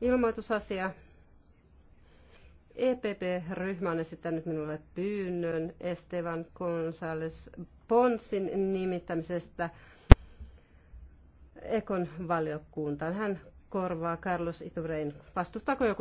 Ilmoitusasia. EPP-ryhmä on esittänyt minulle pyynnön Estevan González Ponsin nimittämisestä Ekon valiokuntaan. Hän korvaa Carlos Iturrein. Vastustaako joku